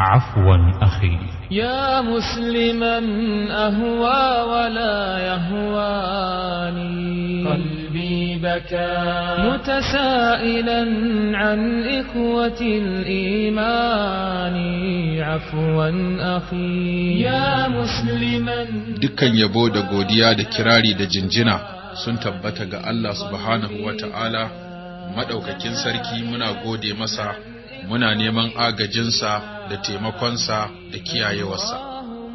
عفوا أخي يا مسلما أهوى ولا يهواني قلبي بكى متسائلا عن إخوة الإيمان عفوا أخي يا مسلما دكا يبو دا godiya da kirari da jinjina sun tabbata ga Allah subhanahu wa ta'ala madaukakin sarki muna gode masa muna neman agajinsa da taimakonsa da kiyayewarsa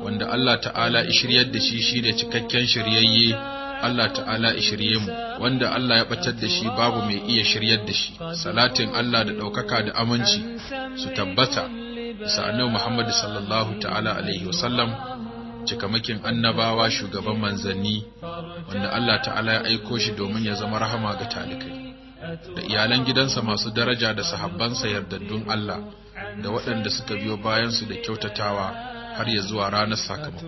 wanda Allah ta'ala shiryar da shi shi da cikakken shiryayye Allah ta'ala ishirye mu wanda Allah ya batar da shi babu mai iya shiryar da shi salatin Allah da ɗaukaka da aminci su tabbata bisa annabi Muhammad sallallahu ta'ala alaihi wasallam cikamakin annabawa shugaban manzanni wanda Allah ta'ala ya aiko shi domin ya zama rahama ga talikai da iyalan gidansa masu daraja da sahabbansa yardaddun Allah da waɗanda suka biyo bayansu da kyautatawa har ya zuwa ranar sakamako.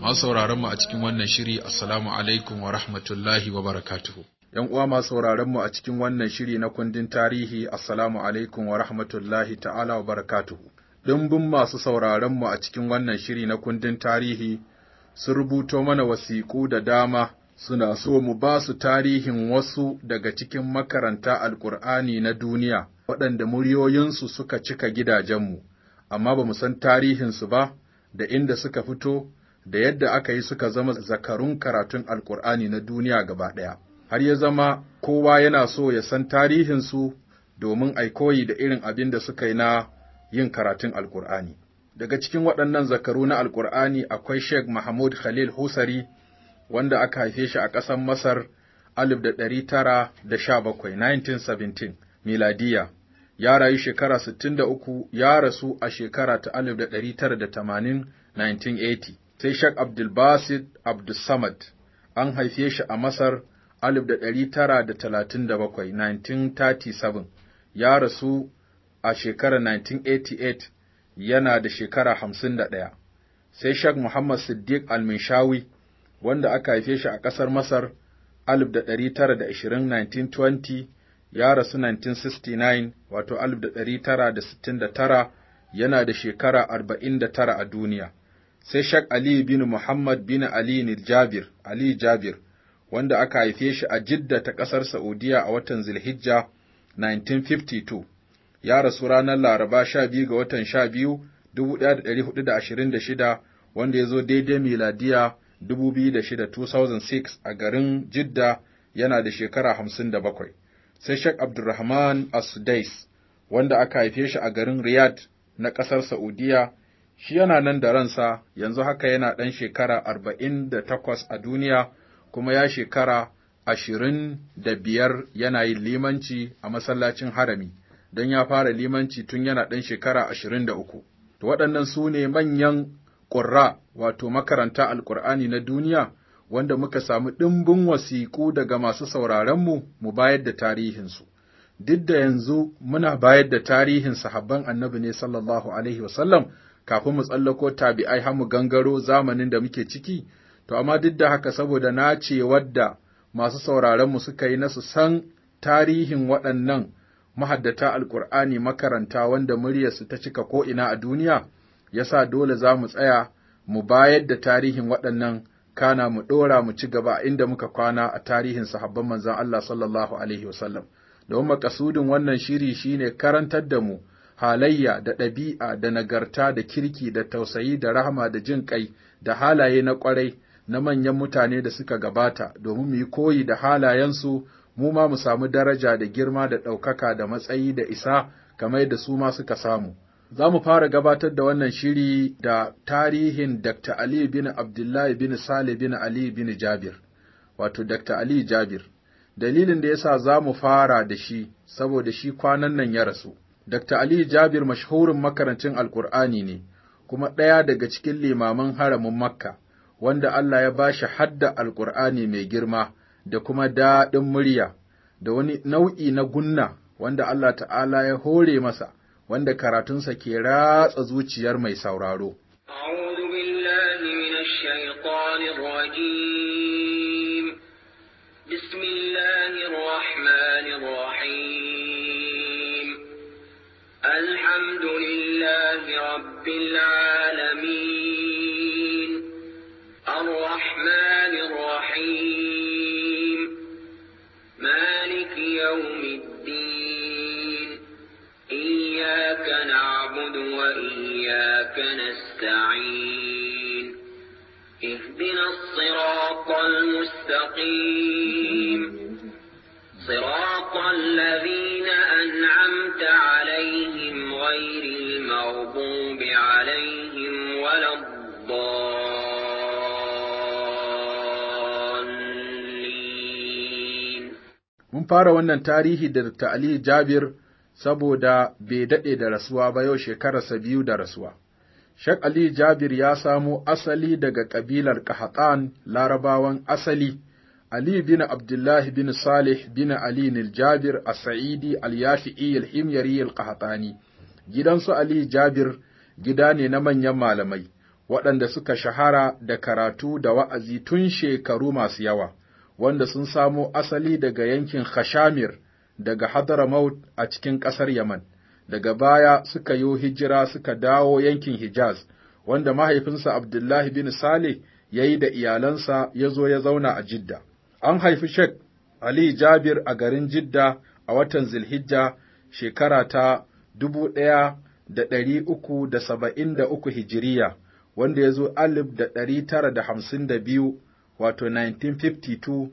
Masu sauraronmu a cikin wannan shiri, Assalamu alaikum wa rahmatullahi wa barakatuhu. ‘Yan uwa masu sauraronmu a cikin wannan shiri na kundin tarihi, Assalamu alaikum wa rahmatullahi ta'ala wa barakatuhu. Ɗumbin masu sauraronmu a cikin wannan shiri na kundin tarihi sun rubuto mana wasiƙu da dama suna so mu ba su tarihin wasu daga cikin makaranta Alƙur'ani na duniya. waɗanda muryoyinsu suka cika gidajenmu, amma ba mu san tarihinsu ba, da inda suka fito, da yadda aka yi suka zama zakarun karatun Alƙur'ani na duniya gaba ɗaya. Har ya zama kowa yana so ya san tarihinsu domin ai koyi da irin abin da suka yi na yin karatun Alƙur'ani. Daga cikin waɗannan zakaru na Alƙur'ani akwai Sheikh Mahmud Khalil Husari, wanda aka haife shi a ƙasar Masar alif da da tara sha 1917 miladiya ya rayu shekara 63 ya rasu a shekara ta 1980 1980 sai Sheikh Abdul Basit Abdul Samad an haife shi a Masar 1937 1937 ya rasu a shekara 1988 yana da shekara 51 sai Sheikh Muhammad Siddiq Al-Minshawi wanda aka haife shi a ƙasar Masar 1920 1920 ya rasu 1969 wato 1969 yana da shekara 49 a duniya. Sai Shak Ali bin Muhammad bin Ali Jabir, Ali Jabir, wanda aka haife shi a Jidda ta ƙasar Saudiya a watan Zulhijja 1952, ya rasu ranar Laraba 12 ga watan 12, 1426, wanda ya zo daidai miladiya 2006 a garin Jidda yana da shekara 57. sai Sheikh Abdulrahman As-Sudais wanda aka haife shi a garin Riyadh na ƙasar Saudiya shi yana nan da ransa yanzu haka yana ɗan shekara arba'in da a duniya kuma ya shekara ashirin da biyar yana yin limanci a masallacin harami don ya fara limanci tun yana ɗan shekara ashirin da uku. To waɗannan su ne manyan ƙurra wato makaranta alƙur'ani na duniya wanda muka samu ɗimbin wasiƙu daga masu sauraronmu mu bayar da tarihinsu. Duk da yanzu muna bayar da tarihin sahabban annabi ne sallallahu Alaihi wasallam kafin mu tsallako tabi'ai har gangaro zamanin da muke ciki, to amma duk da haka saboda na ce wadda masu sauraronmu suka yi na su san tarihin waɗannan mahaddata Alƙur'ani makaranta wanda muryarsu ta cika ko'ina a duniya, ya sa dole za mu tsaya mu bayar da tarihin waɗannan kana mu ɗora mu ci gaba inda muka kwana a tarihin sahabban manzon Allah sallallahu alaihi wasallam domin makasudin wannan shiri shine karantar da mu halayya da ɗabi'a da nagarta da kirki da tausayi da rahama da jin ƙai da halaye na ƙwarai na manyan mutane da suka gabata domin mu yi koyi da halayensu mu ma mu samu daraja da girma da ɗaukaka da matsayi da isa kamar da su ma suka samu. za mu fara gabatar da wannan shiri da tarihin Dr. Ali bin Abdullahi bin Sale bin Ali bin Jabir, wato Dr. Ali Jabir. Dalilin da yasa za mu fara da shi, saboda shi kwanan nan ya rasu. Dr. Ali Jabir mashahurin makarancin Alƙur'ani ne, kuma ɗaya daga cikin limaman haramin Makka, wanda Allah ya bashi hadda Alƙur'ani mai girma da kuma daɗin murya, da wani nau'i na gunna wanda Allah ta'ala ya hore masa. wanda karatunsa ke ratsa zuciyar mai sauraro. A'udhu billahi minash shaitanir rajim مستقيم صراط الذين أنعمت عليهم غير المغضوب عليهم ولا الضالين من fara wannan tarihi da تعليه Jabir saboda bai daɗe da rasuwa ba yau shekararsa biyu da rasuwa. Shek Ali Jabir ya samo asali daga ƙabilar Kahatan Larabawan asali Ali bin Abdullahi bin Salih bin Ali bin Jabir As-Sa'idi Al-Yafi'i Al-Himyari al gidansu Ali Jabir gida ne na manyan malamai waɗanda suka shahara da karatu da wa'azi tun shekaru masu yawa wanda sun samo asali daga yankin Khashamir daga Hadramaut a cikin ƙasar Yaman daga baya suka yi hijira suka dawo yankin Hijaz wanda mahaifinsa Abdullahi bin Salih ya yi da iyalansa ya zo ya zauna a Jidda An haifi Sheikh Ali Jabir a garin Jidda a watan Zilhijja shekara ta dubu ɗaya da ɗari uku da saba'in da uku hijiriya, wanda ya zo alif da ɗari tara da hamsin da biyu wato 1952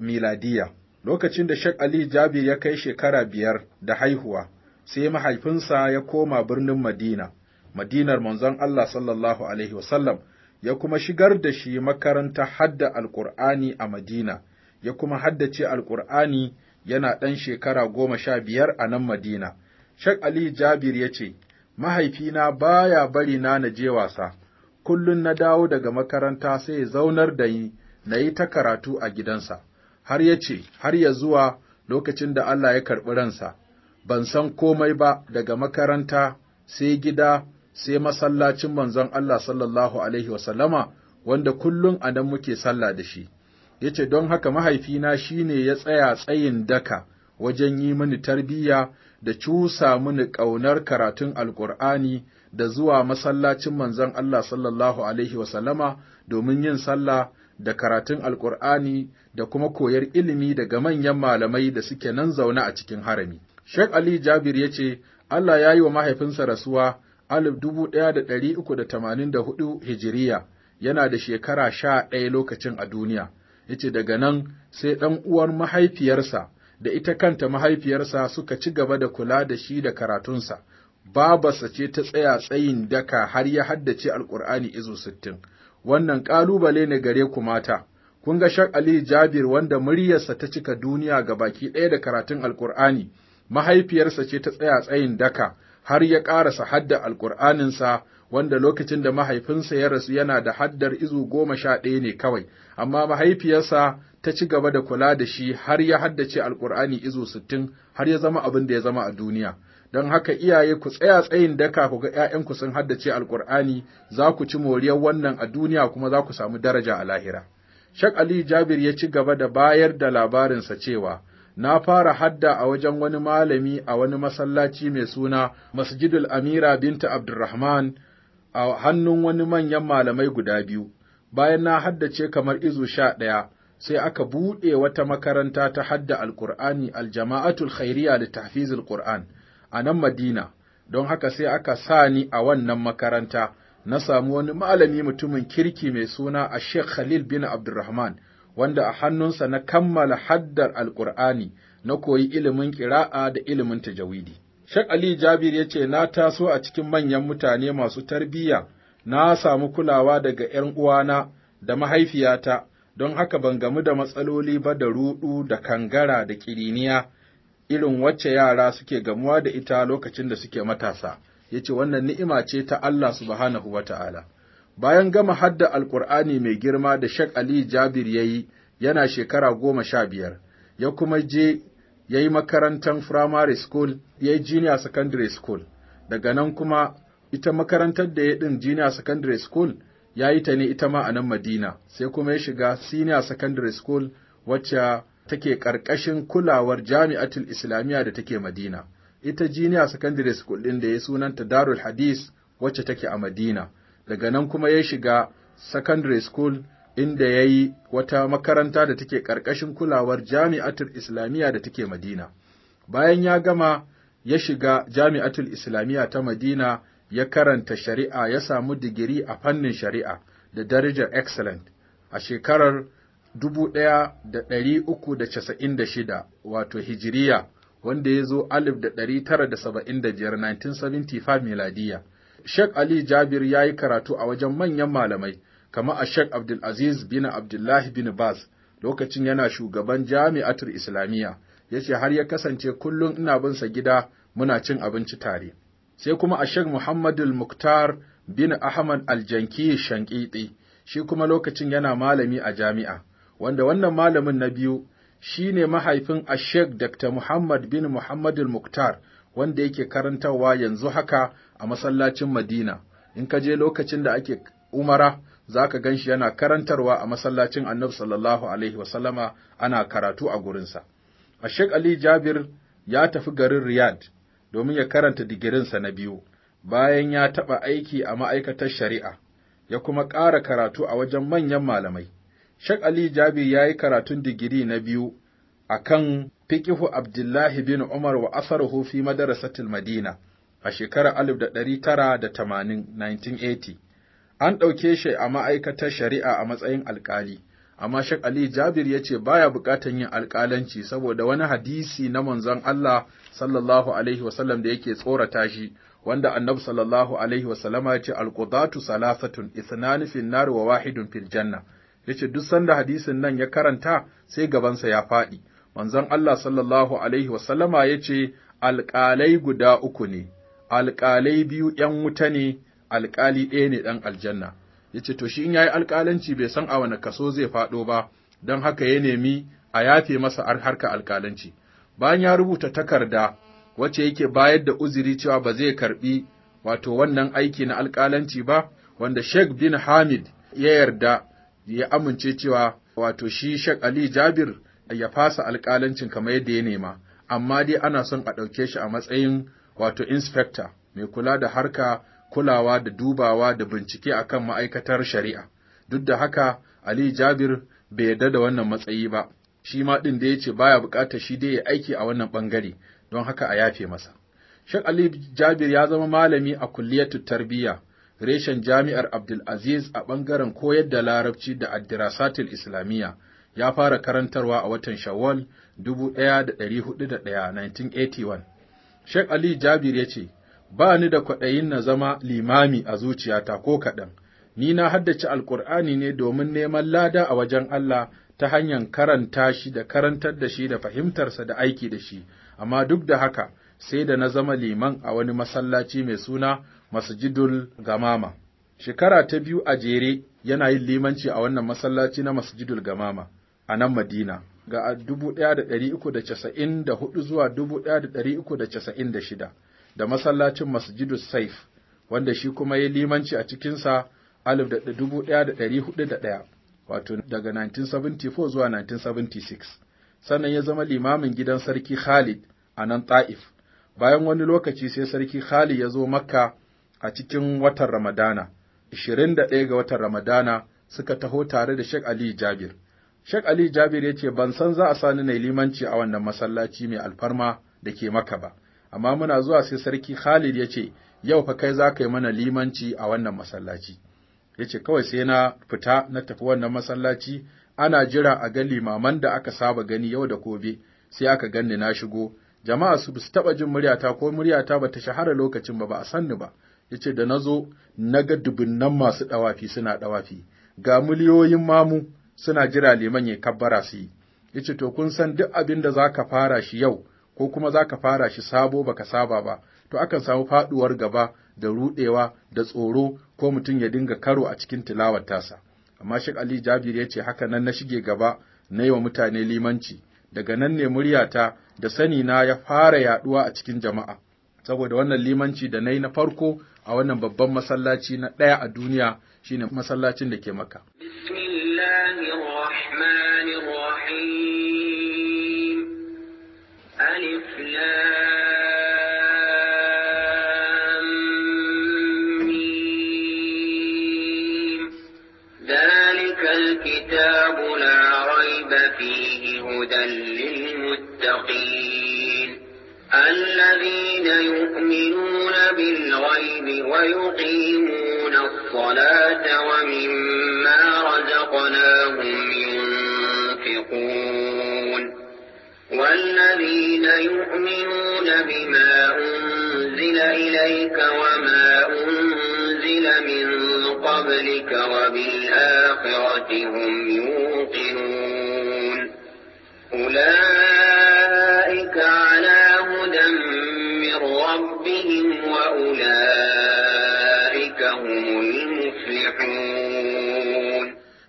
miladiya. Lokacin da Sheikh Ali Jabir ya kai shekara biyar da haihuwa, sai mahaifinsa ya koma birnin Madina, Madinar manzon Allah sallallahu Alaihi wasallam, ya kuma shigar da shi makarantar hadda Alƙur'ani a Madina, ya kuma haddace Alƙur'ani yana ɗan shekara goma sha biyar a nan Madina. Shek Ali Jabir ya ce, Mahaifina ba ya bari na na je wasa, kullum na dawo daga makaranta sai ya zaunar da yi na yi ta karatu a gidansa, har ya ce, har ya zuwa lokacin da Allah ya karɓi ransa, ban san komai ba daga makaranta sai gida sai masallacin manzon Allah sallallahu alaihi wasallama wanda kullum a nan muke sallah da shi yace don haka mahaifina shine ya tsaya tsayin daka wajen yi mini tarbiyya da cusa mini ƙaunar karatun alƙur'ani da zuwa masallacin manzon Allah sallallahu alaihi wasallama domin yin sallah da karatun alƙur'ani da kuma koyar ilimi daga manyan malamai da suke nan zaune a cikin harami. Sheikh Ali Jabir ya ce, Allah ya yi wa mahaifinsa rasuwa Alif dubu ɗaya da da da ɗari uku tamanin hudu Hijiriya yana da shekara sha ɗaya lokacin a duniya, yace daga nan sai ɗan uwan mahaifiyarsa da ita kanta mahaifiyarsa suka ci gaba da kula da shi da karatunsa, babarsa ce ta tsaya tsayin daka har ya haddace Alkur'ani izu sittin. Wannan ƙalubale ne gare ku mata, kun ga Shak Ali Jabir wanda muryarsa ta cika duniya ga baki ɗaya da karatun Alkur'ani, mahaifiyarsa ce ta tsaya tsayin daka har ya ƙarasa hadda alƙur'aninsa wanda lokacin da mahaifinsa ya rasu yana da haddar izu goma sha ɗaya ne kawai, amma mahaifiyarsa ta ci gaba da kula da shi har ya haddace alƙur'ani izu sittin har ya zama abin da ya zama a duniya. Don haka iyaye ku tsaya tsayin daka ku ga ‘ya'yanku sun haddace alƙur'ani za ku ci moriyar wannan a duniya kuma za ku samu daraja a lahira. Shak Ali Jabir ya ci gaba da bayar da labarinsa cewa na fara hadda a wajen wani malami a wani masallaci mai suna Masjidul Amira binta Abdurrahman a hannun wani manyan malamai guda biyu, bayan na haddace kamar izu sha ɗaya, sai aka buɗe wata makaranta ta hadda Alƙur'ani Aljama'atul Khairiyya da Tahfizul Qur'an a nan Madina, don haka sai aka sa ni a wannan makaranta, na samu wani malami mutumin kirki mai suna a Sheikh Khalil bin Abdurrahman, wanda a hannunsa na kammala haddar Alƙur'ani, na koyi ilimin ƙira'a da ilimin tajawidi. Shek Ali Jabir ya ce, Na taso a cikin manyan mutane masu tarbiyya, na samu kulawa daga ’yan uwana da mahaifiyata, don haka ban gamu da matsaloli ba da ruɗu da kangara da ƙiriniya, irin wacce yara suke gamuwa da ita lokacin da suke matasa. Ya ce, Wannan ni'ima ce ta Allah subhanahu wa ta'ala. Bayan gama hadda Alƙur'ani mai girma da shek Ali Jabir ya yi yana shekara goma sha biyar, ya kuma je ya yi makarantar firamare school, ya yi junior secondary school, daga nan kuma ita makarantar da ya ɗin junior secondary school ya yi ta ne ita ma a nan Madina, sai kuma ya shiga senior secondary school wacce take ƙarƙashin kulawar jami'atul Islamiyya da take Madina. Ita junior secondary school ɗin da ya sunanta Darul Hadis wacce take a Madina. daga nan kuma ya shiga secondary school inda ya yi wata makaranta da take ƙarƙashin kulawar jami'atul islamiyya da take madina bayan ya gama ya shiga jami'atul islamiyya ta madina ya karanta shari'a ya samu digiri a fannin shari'a da darajar excellent a shekarar 1396 wato hijiriya wanda ya zo 1975 1975 miladiya Sheikh Ali Jabir ya yi karatu a wajen manyan malamai, kama a Sheikh Abdulaziz bin Abdullahi bin Baz, lokacin yana shugaban jami'atul Islamiyya, ya ce har ya kasance kullum ina bin sa gida muna cin abinci tare. Sai kuma a Sheikh Muhammadul Muktar bin Ahmad Aljanki Shankiti, shi kuma lokacin yana malami a jami'a, wanda wannan malamin na biyu shi ne mahaifin Sheikh Dr. Muhammad bin Muhammadul Muktar, wanda yake karantarwa yanzu haka a masallacin Madina, in ka je lokacin da ake umara za ka gan shi yana karantarwa a masallacin annabi sallallahu Alaihi wasallama ana karatu a gurinsa. A Ali Jabir ya tafi garin Riyad domin ya karanta digirinsa na biyu, bayan ya taɓa aiki a ma'aikatar shari'a, ya kuma ƙara karatu a wajen manyan malamai. Sheikh Ali Jabir ya yi karatun digiri na biyu a kan fiƙihu Abdullahi bin Umar wa asaruhu fi madarasatil Madina. a shekarar alif da da tara 1980 (1980), an ɗauke shi a ma'aikatar shari'a a matsayin alƙali, amma Sheikh Ali Jabir ya ce baya buƙatar yin alƙalanci saboda wani hadisi na manzon Allah sallallahu alaihi wasallam da yake tsorata shi, wanda annabi sallallahu alaihi wasallama ya ce alqudatu salasatun ithnani fin nar wa wahidun fil janna yace duk sanda hadisin nan ya karanta sai gabansa ya faɗi manzon Allah sallallahu alaihi wasallama ya ce alƙalai guda uku ne alƙalai biyu ‘yan wuta ne, alƙali ɗaya ne ɗan aljanna. Ya ce, To, shi in ya yi alƙalanci bai san a wane kaso zai faɗo ba, don haka ya nemi a yafe masa harka alƙalanci. Bayan ya rubuta takarda, wacce yake bayar da uzuri cewa ba zai karɓi wato wannan aiki na alƙalanci ba, wanda Sheikh bin Hamid ya yarda ya amince cewa wato shi Sheikh Ali Jabir ya fasa alƙalancin kamar yadda ya nema, amma dai ana son a ɗauke shi a matsayin wato inspector mai kula da harka kulawa da dubawa da bincike akan ma'aikatar shari'a duk da haka Ali Jabir bai yarda da wannan matsayi ba shi ma ɗin da ya ce baya bukatar shi dai ya aiki a wannan ɓangare, don haka a yafe masa Sheikh Ali Jabir ya zama malami a kulliyatu tarbiyya reshen jami'ar Abdul Aziz a ɓangaren koyar da larabci da addirasatul islamiyya ya fara karantarwa a watan Shawwal ɗaya 1981 Sheikh Ali Jabir ya ce, Ba ni da kwaɗayin na zama limami a zuciyata ko kaɗan, ni na haddace Alƙur'ani ne domin neman lada a wajen Allah ta hanyar karanta shi da karantar da shi da fahimtarsa da aiki da shi, amma duk da haka sai da na zama liman a wani masallaci mai suna Masjidul Gamama. Shekara ta biyu a jere yana yin limanci a wannan masallaci na Masjidul Gamama a nan Madina. ga 1394 zuwa 1396 da masallacin Masjidu Saif wanda shi kuma ya limanci a cikinsa 1401 wato daga 1974 zuwa 1976 sannan ya zama limamin gidan sarki Khalid a nan Ta'if bayan wani lokaci sai sarki Khalid ya zo Makka a cikin watan Ramadana 21 ga watan Ramadana suka taho tare da Sheikh Ali Jabir Sheikh Ali Jabir yace, ban san za a sani na limanci a wannan masallaci mai alfarma da ke maka ba, amma muna zuwa sai sarki Khalid ya ce yau fa kai za ka yi mana limanci a wannan masallaci. Ya ce kawai sai na fita na tafi wannan masallaci ana jira a ga limaman da aka saba gani yau da gobe sai aka ganni na shigo jama'a su su taɓa jin muryata ko muryata ba ta shahara lokacin ba ba a sanni ba ya ce da na zo na ga dubunnan masu ɗawafi suna ɗawafi ga miliyoyin mamu suna jira liman ya kabbara su yi yace to kun san duk abin da zaka fara shi yau ko kuma zaka fara shi sabo baka saba ba to akan samu faɗuwar gaba da ruɗewa da tsoro ko mutum ya dinga karo a cikin tilawar tasa amma Sheikh Ali Jabir yace haka nan na shige gaba na yi wa mutane limanci daga nan ne muryata da sani na ya fara yaɗuwa a cikin jama'a saboda wannan limanci da na yi na farko a wannan babban masallaci na ɗaya a duniya shine masallacin da ke maka. الَّذِينَ يُؤْمِنُونَ بِالْغَيْبِ وَيُقِيمُونَ الصَّلَاةَ وَمِمَّا رَزَقْنَاهُمْ يُنفِقُونَ وَالَّذِينَ يُؤْمِنُونَ بِمَا أُنزِلَ إِلَيْكَ وَمَا أُنزِلَ مِن قَبْلِكَ وَبِالْآخِرَةِ هُمْ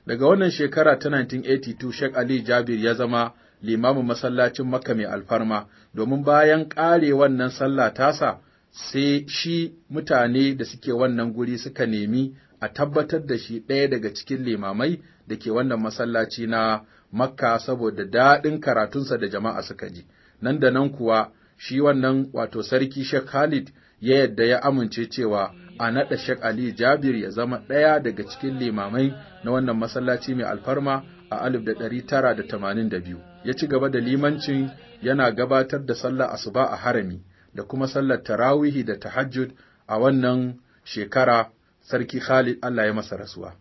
Daga wannan shekara ta 1982 Sheikh Ali Jabir ya zama limamin masallacin Makka mai alfarma, domin bayan ƙare wannan sallah tasa, sai shi mutane da suke wannan guri suka nemi a tabbatar da shi ɗaya daga cikin limamai da ke wannan masallaci na Makka saboda daɗin karatunsa da jama'a suka ji. Nan da nan kuwa, shi wannan wato sarki Sheikh Khalid ya yarda ya amince cewa a naɗa Sheikh Ali Jabir ya zama ɗaya daga cikin limamai na wannan masallaci mai alfarma a 1982. Ya ci gaba da limancin yana gabatar da Sallah asuba a harami da kuma sallar tarawihi da tahajjud a wannan shekara Sarki Khalid Allah ya masa rasuwa.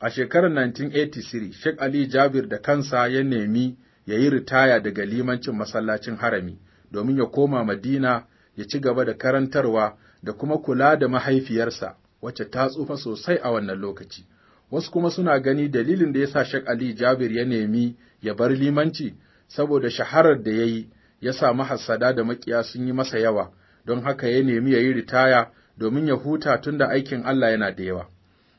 A shekarar 1983, Sheikh Ali Jabir da kansa ya nemi ya yi ritaya daga limancin masallacin harami domin ya koma Madina ya ci gaba da karantarwa da kuma kula da mahaifiyarsa wacce ta tsufa sosai a wannan lokaci. Wasu kuma suna gani dalilin da ya sa Shek Ali Jabir ya nemi ya bar limanci saboda shaharar da ya yi ya samu hassada da makiya sun yi masa yawa, don haka ya nemi ya yi ritaya domin ya huta tun da aikin Allah yana da yawa.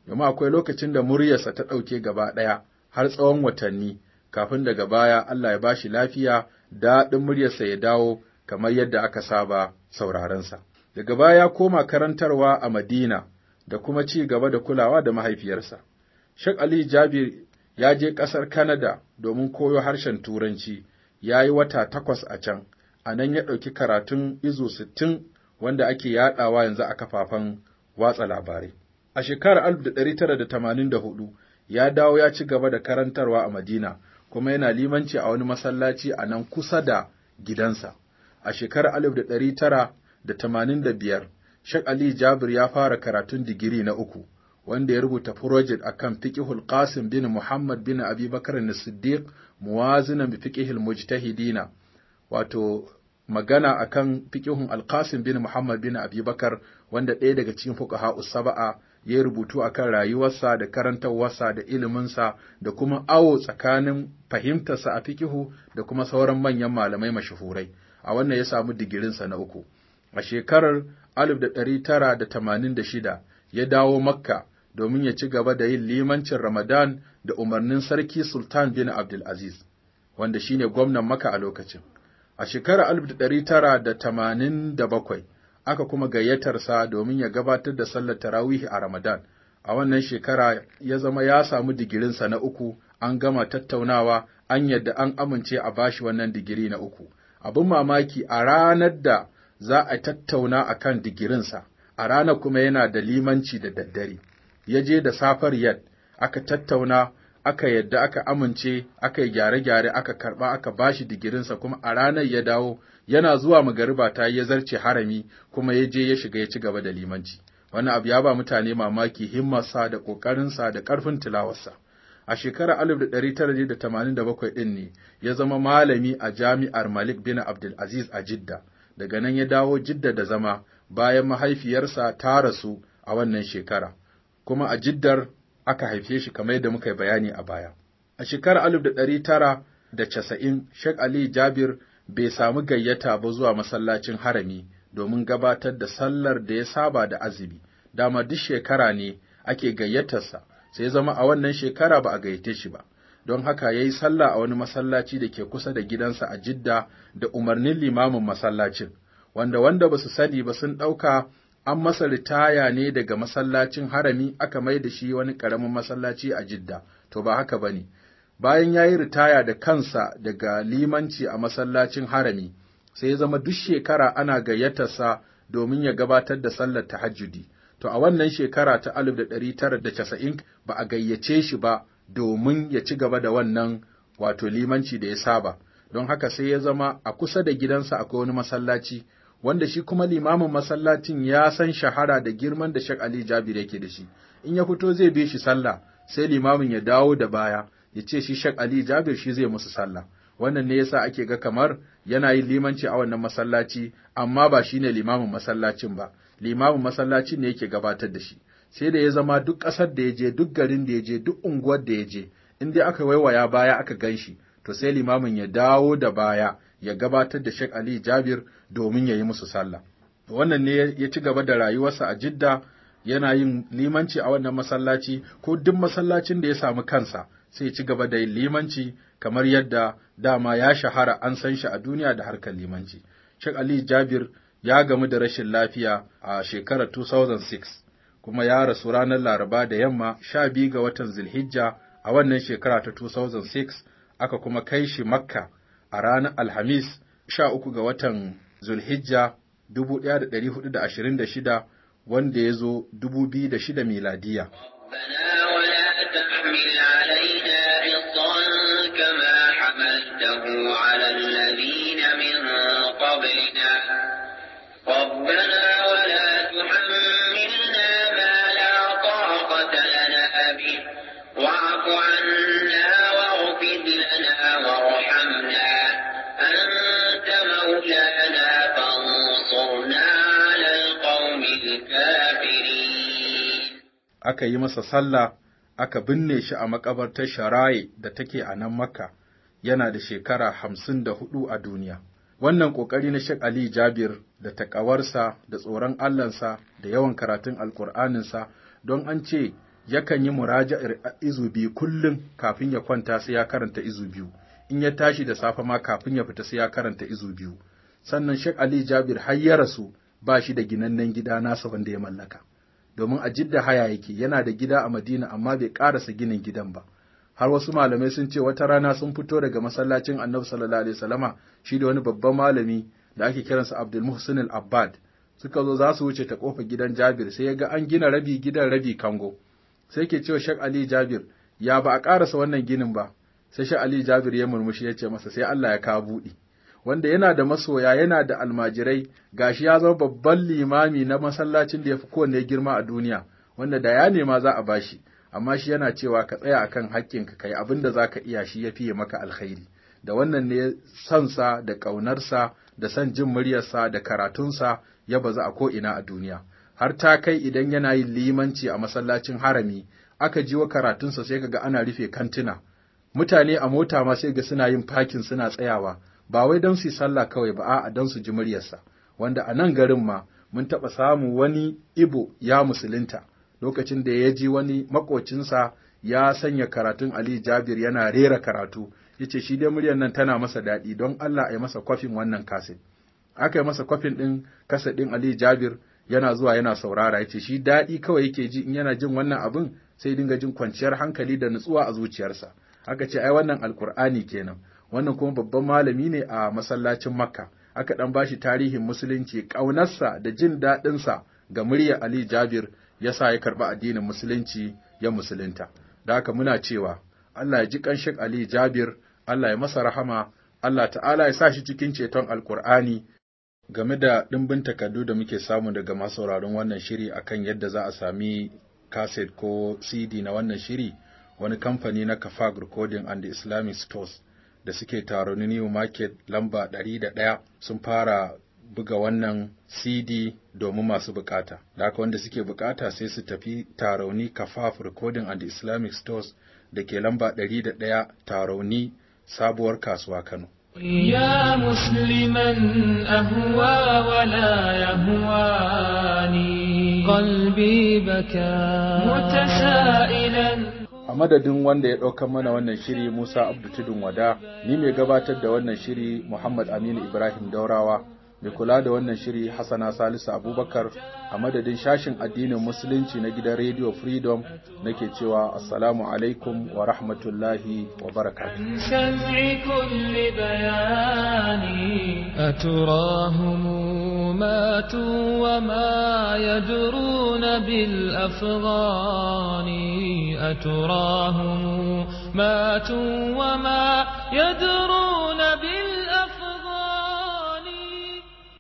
Domin akwai lokacin da muryarsa ta ɗauke gaba ɗaya har tsawon watanni, kafin daga baya Allah ya bashi lafiya daɗin muryarsa ya dawo kamar yadda aka saba saurarensa. daga baya ya koma karantarwa a Madina da kuma ci gaba da kulawa da mahaifiyarsa. shek Ali Jabir ya je ƙasar Kanada domin koyo harshen Turanci, ya yi wata takwas a can, a nan ya ɗauki karatun izo sittin wanda ake yaɗawa yanzu a kafafen watsa labarai. A shekarar 1984 ya dawo ya ci gaba da karantarwa a Madina, kuma yana limanci a wani masallaci a nan kusa da gidansa. A shekarar da tamanin da biyar, Sheikh Ali Jabir ya fara karatun digiri na uku, wanda ya rubuta project a kan fiƙihul Qasim bin Muhammad bin Abi Bakar na Siddiq muwazinan bi mujtahidina, wato magana a kan fiƙihun Alƙasim bin Muhammad bin Abi Bakar wanda ɗaya daga cikin fuqaha saba'a ya yi rubutu a kan rayuwarsa da karantarwarsa da iliminsa da kuma awo tsakanin fahimtarsa a fikihu da kuma sauran manyan malamai mashahurai a wannan ya samu digirinsa na uku A shekarar 1986 ya dawo Makka domin ya ci gaba da yin limancin Ramadan da umarnin Sarki Sultan bin Abdulaziz, wanda shi ne gwamnan Makka a lokacin. A shekarar bakwai, aka kuma gayyatarsa domin ya gabatar da sallar tarawihi a Ramadan. A wannan shekara ya zama ya samu digirinsa na uku, an gama tattaunawa, an yadda an amince a bashi wannan digiri na uku. Abin mamaki a ranar da za a tattauna a kan digirinsa, a rana kuma yana da limanci da daddare. Ya je da safar yad, aka tattauna, aka yadda aka amince, aka yi gyare-gyare, aka karɓa, aka bashi digirinsa kuma a ranar ya dawo, yana zuwa magariba ta ya zarce harami kuma ya je ya shiga ya ci gaba da limanci. Wani abu ya ba mutane mamaki himmarsa da ƙoƙarinsa da ƙarfin tilawarsa. a shekarar 1987 ɗin ne ya zama malami a jami'ar Malik bin Abdulaziz a Jidda, daga nan ya dawo Jidda da zama bayan mahaifiyarsa ta rasu a wannan shekara, kuma a Jiddar aka haife shi kamar yadda muka yi bayani a baya. A shekarar alif da ɗari tara da casa'in, Sheikh Ali Jabir bai samu gayyata ba zuwa masallacin harami domin gabatar da sallar da ya saba da azumi, dama duk shekara ne ake gayyatarsa, sai zama a wannan shekara ba a gayyace shi ba. don haka ya yi sallah a wani masallaci da ke kusa da gidansa a Jidda da umarnin limamin masallacin, wanda wanda ba su sani ba sun ɗauka an masa ritaya ne daga masallacin harami aka mai da shi wani ƙaramin masallaci a Jidda, to ba haka ba ne. Bayan ya yi ritaya da kansa daga limanci a masallacin harami, sai ya zama duk shekara ana gayyatarsa domin ya gabatar da sallar tahajjudi. To a wannan shekara ta da da tara casa'in ba a gayyace shi ba domin ya ci gaba da wannan wato limanci da ya saba don haka sai ya zama a kusa da gidansa akwai wani masallaci wanda shi kuma limamin masallacin ya san shahara da girman da Sheikh Ali Jabir yake da shi in ya fito zai bi shi sallah sai limamin ya dawo da baya ya ce shi Sheikh Ali Jabir shi zai musu sallah wannan ne yasa ake ga kamar yana yin limanci a wannan masallaci amma ba shine limamin masallacin ba limamin masallacin ne yake gabatar da shi sai da ya zama duk ƙasar da ya je duk garin da ya je duk unguwar da ya je in dai aka waiwaya baya aka gan shi to sai limamin ya dawo da baya ya gabatar da Sheikh Ali Jabir domin ya yi musu sallah wannan ne ya ci gaba da rayuwarsa a Jidda yana yin limanci a wannan masallaci ko duk masallacin da ya samu kansa sai ya ci gaba da yin limanci kamar yadda dama ya shahara an san shi a duniya da harkar limanci Sheikh Ali Jabir ya gamu da rashin lafiya a shekarar 2006 kuma ya rasu ranar Laraba da yamma sha biyu ga watan Zulhijja a wannan shekara ta 2006 aka kuma kai shi Makka a ranar Alhamis sha uku ga watan Zulhijja 1426 wanda ya zo 2006 miladiya. aka yi masa sallah aka binne shi a makabartar Sharaye da take a nan Makka, yana da shekara hamsin da hudu a duniya. Wannan ƙoƙari na Sheikh Ali Jabir da taƙawarsa da tsoron Allahnsa da yawan karatun Alƙur'aninsa don an ce yakan yi muraja izu biyu kullum kafin ya kwanta sai ya karanta izu biyu, in ya tashi da safe ma kafin ya fita sai ya karanta izu biyu. Sannan Sheikh Ali Jabir har ya rasu ba shi da ginannen gida nasa wanda ya mallaka. domin a jidda haya yake yana da gida a madina amma bai ƙarasa ginin gidan ba har wasu malamai sun ce wata rana sun fito daga masallacin annabi sallallahu alaihi wasallama shi da wani babban malami da ake kiransa abdul muhsin al abbad suka zo za su wuce ta kofar gidan jabir sai ya ga an gina rabi gidan rabi kango sai ke cewa shek ali jabir ya ba a ƙarasa wannan ginin ba sai shek ali jabir ya murmushi ya ce masa sai allah ya kawo buɗe wanda yana da masoya yana da almajirai gashi ya zama babban limami na masallacin da ya fi kowanne girma a duniya wanda da ya nema za a bashi amma shi yana cewa ka tsaya akan haƙƙinka kai abin da za ka iya shi ya fiye maka alkhairi da wannan ne sansa da ƙaunarsa da son jin muryarsa da karatunsa ya bazu a ko'ina a duniya har ta kai idan yana yin limanci a masallacin harami aka jiwa karatunsa sai kaga ana rufe kantuna mutane a mota ma sai ga suna yin fakin suna tsayawa ba wai don su yi sallah kawai ba a'a don su ji muryarsa wanda a nan garin ma mun taɓa samu wani ibo ya musulunta lokacin da ya ji wani makocinsa ya sanya karatun Ali Jabir yana rera karatu yace shi dai muryar nan tana masa daɗi don Allah ya masa kwafin wannan kaset aka yi masa kwafin ɗin kasa ɗin Ali Jabir yana zuwa yana saurara yace shi daɗi kawai yake ji in yana jin wannan abin sai dinga jin kwanciyar hankali da nutsuwa a zuciyarsa aka ce ai wannan alkur'ani kenan wannan kuma babban malami ne a masallacin makka aka ɗan bashi tarihin musulunci ƙaunarsa da jin daɗinsa ga murya ali jabir ya sa ya karɓi addinin musulunci ya musulunta da haka muna cewa Allah ya ji ƙanshin ali jabir Allah ya masa rahama Allah ta'ala ya sa shi cikin ceton alkur'ani game da ɗimbin takardu da muke samu daga masu sauraron wannan shiri akan yadda za a sami kaset ko cd na wannan shiri wani kamfani na kafag recording and islamic stores da suke taro New Market lamba da 101 sun fara buga wannan CD domin masu bukata. Da haka wanda suke bukata sai su tafi taroni Kafaf Recording and Islamic Stores da ke lamba da 101 tarauni sabuwar kasuwa Kano. Ya يا مسلما أهوى ولا يهواني قلبي بكى متسائلا a madadin wanda ya ɗaukar mana wannan shiri Musa Abdu Tudun Wada, ni mai gabatar da wannan shiri Muhammad Aminu Ibrahim Daurawa. mai kula da wannan shiri Hassana Salisu Abubakar a madadin shashin addinin Musulunci na gidan Radio Freedom nake cewa Assalamu alaikum wa rahmatullahi wa barakatuh. ماتوا وما يدرون بالأفغان أتراهم ماتوا وما يدرون بالأفغان